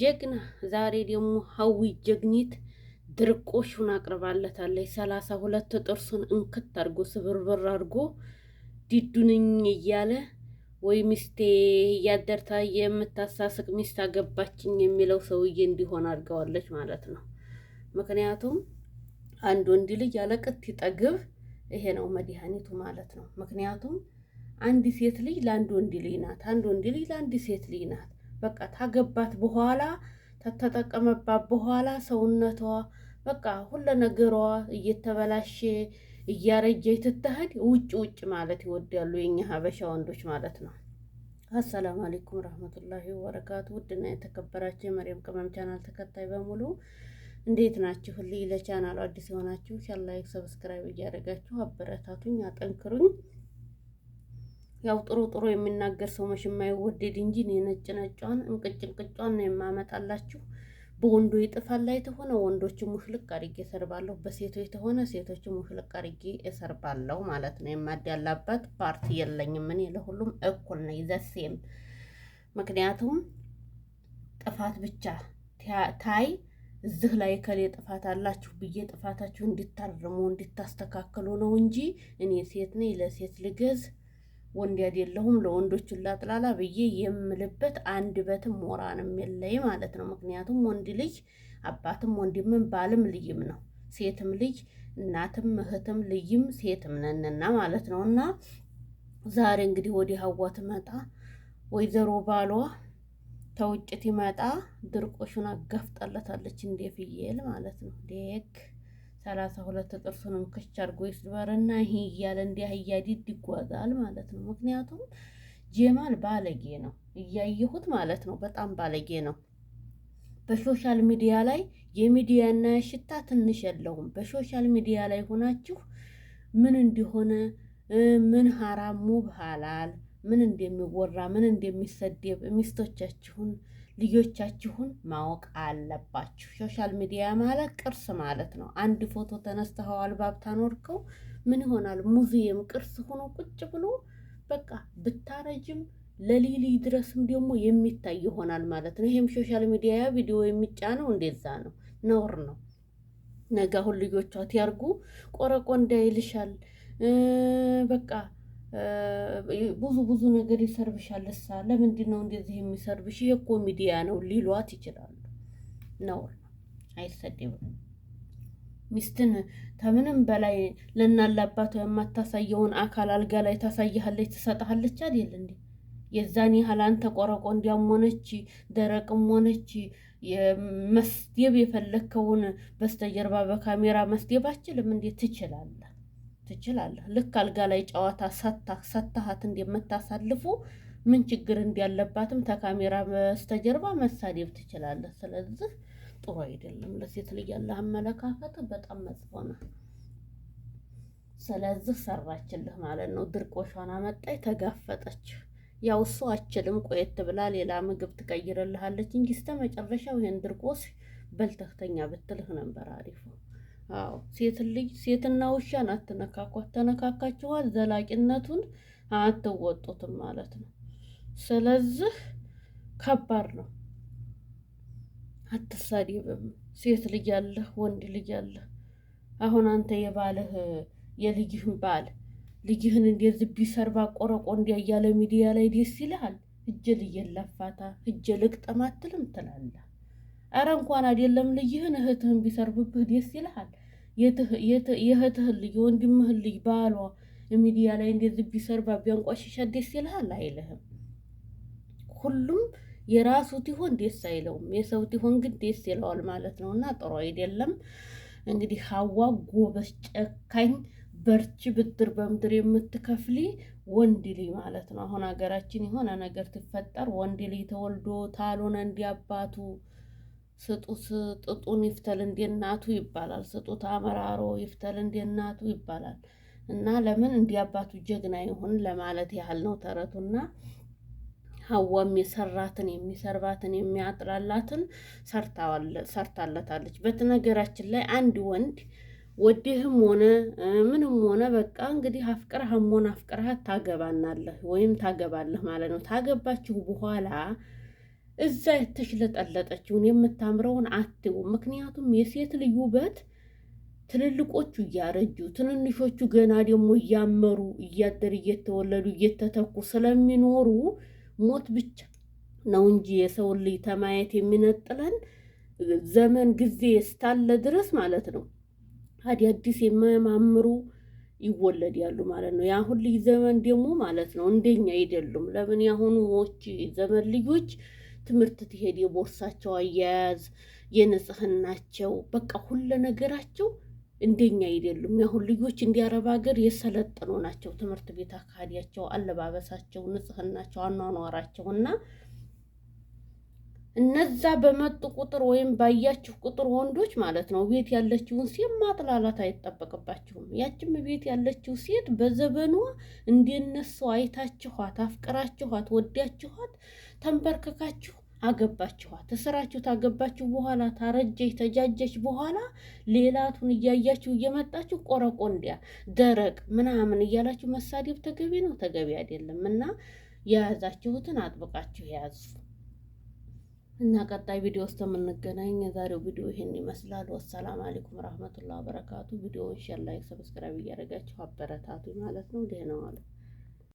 ጀግና ዛሬ ደግሞ ሀዊ ጀግኒት ድርቆሹን አቅርባለታለች። ሰላሳ ሁለት ጥርሱን እንክት አድርጎ ስብርብር አድርጎ ዲዱንኝ እያለ ወይ ሚስቴ እያደርታ የምታሳስቅ ሚስት አገባችኝ የሚለው ሰውዬ እንዲሆን አድርገዋለች ማለት ነው። ምክንያቱም አንድ ወንድ ልጅ ያለቅት ይጠግብ፣ ይሄ ነው መድኃኒቱ ማለት ነው። ምክንያቱም አንድ ሴት ልጅ ለአንድ ወንድ ልጅ ናት፣ አንድ ወንድ ልጅ ለአንድ ሴት ልጅ ናት። በቃ ታገባት በኋላ ተተጠቀመባት በኋላ ሰውነቷ በቃ ሁለ ነገሯ እየተበላሸ እያረጀ ትተህድ ውጭ ውጭ ማለት ይወዳሉ የኛ ሀበሻ ወንዶች ማለት ነው። አሰላሙ አለይኩም ረህመቱላሂ ወበረካቱ። ውድና የተከበራችሁ የመሪም ቅመም ቻናል ተከታይ በሙሉ እንዴት ናችሁ? ሁሌ ለቻናሉ አዲስ የሆናችሁ ሻላይክ ሰብስክራይብ እያደረጋችሁ አበረታቱኝ፣ አጠንክሩኝ። ያው ጥሩ ጥሩ የሚናገር ሰው መሽ የማይወደድ እንጂ ነጭ ነጫን እንቅጭ እንቅጫን ነው የማመጣላችሁ። በወንዶ ይጥፋል ላይ የተሆነ ወንዶች ሙሽልቅ አድርጌ እሰርባለሁ፣ በሴቶ የተሆነ ሴቶች ሙሽልቅ አድርጌ እሰርባለሁ ማለት ነው። ያላባት ፓርቲ የለኝም እኔ ለሁሉም እኩል ነኝ ዘሴም ምክንያቱም ጥፋት ብቻ ታይ እዚህ ላይ ከሌ ጥፋት አላችሁ ብዬ ጥፋታችሁ እንዲታርሙ እንዲታስተካከሉ ነው እንጂ እኔ ሴት ነኝ ለሴት ልገዝ ወንድ አይደለሁም ለወንዶች ላጥላላ ብዬ የምልበት አንድ በትም ሞራንም የለኝ ማለት ነው። ምክንያቱም ወንድ ልጅ አባትም ወንድምም ባልም ልይም ነው፣ ሴትም ልጅ እናትም እህትም ልይም ሴትም ነንና ማለት ነው። እና ዛሬ እንግዲህ ወደ ሀዋ ትመጣ ወይዘሮ ባሏ ተውጭት ይመጣ ድርቆሹን አጋፍጣለታለች እንደ ፍየል ማለት ነው ደግ ሰላሳ ሁለት ጥርሱን ምክች አድርጎ ይስበርና ይሄ እያለ እንዲህ እያዲድ ይጓዛል ማለት ነው። ምክንያቱም ጀማል ባለጌ ነው፣ እያየሁት ማለት ነው። በጣም ባለጌ ነው። በሶሻል ሚዲያ ላይ የሚዲያና ሽታ ትንሽ የለውም። በሶሻል ሚዲያ ላይ ሆናችሁ ምን እንዲሆነ ምን ሀራሙ ብሃላል ምን እንደሚወራ ምን እንደሚሰደብ ሚስቶቻችሁን ልጆቻችሁን ማወቅ አለባችሁ። ሶሻል ሚዲያ ማለት ቅርስ ማለት ነው። አንድ ፎቶ ተነስተኸዋል ባብታ ኖርከው ምን ይሆናል? ሙዚየም ቅርስ ሆኖ ቁጭ ብሎ በቃ ብታረጅም ለሊሊ ድረስም ደግሞ የሚታይ ይሆናል ማለት ነው። ይሄም ሶሻል ሚዲያ ቪዲዮ የሚጫነው እንደዛ ነው። ነውር ነው። ነገ አሁን ልጆቿ ያርጉ ቆረቆ እንዳይልሻል በቃ ብዙ ብዙ ነገር ይሰርብሻል። እሳ ለምንድን ነው እንደዚህ የሚሰርብሽ? ይሄ እኮ ሚዲያ ነው ሊሏት ይችላሉ። ነው፣ አይሰደብም። ሚስትን ከምንም በላይ ለናላባቷ የማታሳየውን አካል አልጋ ላይ ታሳይሃለች፣ ትሰጥሃለች አይደል እንዴ? የዛን ያህል አንተ ቆረቆ እንዲያም ሆነች ደረቅም ሆነች መስደብ የፈለግከውን በስተጀርባ በካሜራ መስደብ አችልም እንዴ? ትችላለህ ትችላለህ። ልክ አልጋ ላይ ጨዋታ ሰታ ሰታሃት እንደምታሳልፉ ምን ችግር እንዲያለባትም ከካሜራ በስተጀርባ መሳደብ ትችላለህ። ስለዚህ ጥሩ አይደለም። ለሴት ልጅ ያለ አመለካከት በጣም መጥፎ ነው። ስለዚህ ሰራችልህ ማለት ነው። ድርቆሿን አመጣች፣ ተጋፈጠች። ያው እሱ አችልም ቆየት ብላ ሌላ ምግብ ትቀይርልሃለች እንጂ እስከ መጨረሻው ይህን ድርቆስ በልተህ ብትልህ ነበር አሪፉ። አዎ ሴት ልጅ ሴትና ውሻን አትነካኳት። ተነካካችኋት ዘላቂነቱን አትወጡትም ማለት ነው። ስለዚህ ከባድ ነው። አትሳደብም። ሴት ልጅ አለህ፣ ወንድ ልጅ አለህ። አሁን አንተ የባለህ የልጅህን ባል ልጅህን እንደዚህ ቢሰርባ ቆረቆ እንዲያያለ ሚዲያ ላይ ደስ ይልሃል። እጀ ልጄን ለፋታ እጀ ልቅጠም አትልም ትላለህ። አረ እንኳን አይደለም ልጅህን እህትህን ቢሰርብብህ ደስ ይልሃል። የእህትህን ልጅ የወንድምህን ልጅ ባሏ ሚዲያ ላይ እንደዚህ ቢሰርባ ቢያንቋሽሻት ደስ ይልሃል አይልህም። ሁሉም የራሱ ቲሆን ደስ አይለውም፣ የሰው ቲሆን ግን ደስ ይለዋል ማለት ነው። እና ጥሩ አይደለም። እንግዲህ ሀዋ ጎበስ፣ ጨካኝ፣ በርች ብድር በምድር የምትከፍሊ ወንድ ልጅ ማለት ነው። አሁን ሀገራችን የሆነ ነገር ትፈጠር ወንድ ልጅ ተወልዶ ታልሆነ እንዲያባቱ ስጡት ጥጡን ይፍተል እንደናቱ ይባላል። ስጡት አመራሮ ይፍተል እንደናቱ ይባላል። እና ለምን እንዲያባቱ ጀግና ይሁን ለማለት ያህል ነው ተረቱና ሀዋም የሰራትን የሚሰርባትን የሚያጥላላትን ሰርታለታለች። በነገራችን ላይ አንድ ወንድ ወዲህም ሆነ ምንም ሆነ በቃ እንግዲህ አፍቅርህም ሆነ አፍቅርሃት ታገባናለህ ወይም ታገባለህ ማለት ነው። ታገባችሁ በኋላ እዛ የተሽለጠለጠችውን የምታምረውን አትው። ምክንያቱም የሴት ልዩ ውበት ትልልቆቹ እያረጁ ትንንሾቹ ገና ደግሞ እያመሩ እያደር እየተወለዱ እየተተኩ ስለሚኖሩ ሞት ብቻ ነው እንጂ የሰው ልጅ ተማየት የሚነጥለን ዘመን ጊዜ እስካለ ድረስ ማለት ነው። አዳዲስ የማያማምሩ ያሉ ማለት ነው። የአሁን ልጅ ዘመን ደግሞ ማለት ነው እንደኛ አይደሉም። ለምን የአሁኑዎች ዘመን ልጆች ትምህርት ትሄድ፣ የቦርሳቸው አያያዝ፣ የንጽህናቸው በቃ ሁለ ነገራቸው እንደኛ አይደሉም። ያሁን ልጆች እንዲያረብ ሀገር የሰለጠኑ ናቸው። ትምህርት ቤት አካሄዳቸው፣ አለባበሳቸው፣ ንጽህናቸው፣ አኗኗራቸው እና እነዛ በመጡ ቁጥር ወይም ባያችሁ ቁጥር ወንዶች ማለት ነው ቤት ያለችውን ሴት ማጥላላት አይጠበቅባችሁም። ያችም ቤት ያለችው ሴት በዘበኗ እንደነሱ አይታችኋት፣ አፍቅራችኋት፣ ወዳችኋት፣ ተንበርክካችሁ አገባችኋት። ተሰራችሁ ታገባችሁ በኋላ ታረጀች ተጃጀች በኋላ ሌላቱን እያያችሁ እየመጣችሁ ቆረቆንዲያ ደረቅ ምናምን እያላችሁ መሳደብ ተገቢ ነው? ተገቢ አይደለም። እና የያዛችሁትን አጥብቃችሁ ያዙ። እና ቀጣይ ቪዲዮ ውስጥ እስከምንገናኝ የዛሬው ቪዲዮ ይህን ይመስላል። ወሰላም አለይኩም ረህመቱላህ በረካቱ። ቪዲዮውን ሼር፣ ላይክ፣ ሰብስክራይብ እያደረጋችሁ አበረታቱ ማለት ነው። ደህና ዋሉ።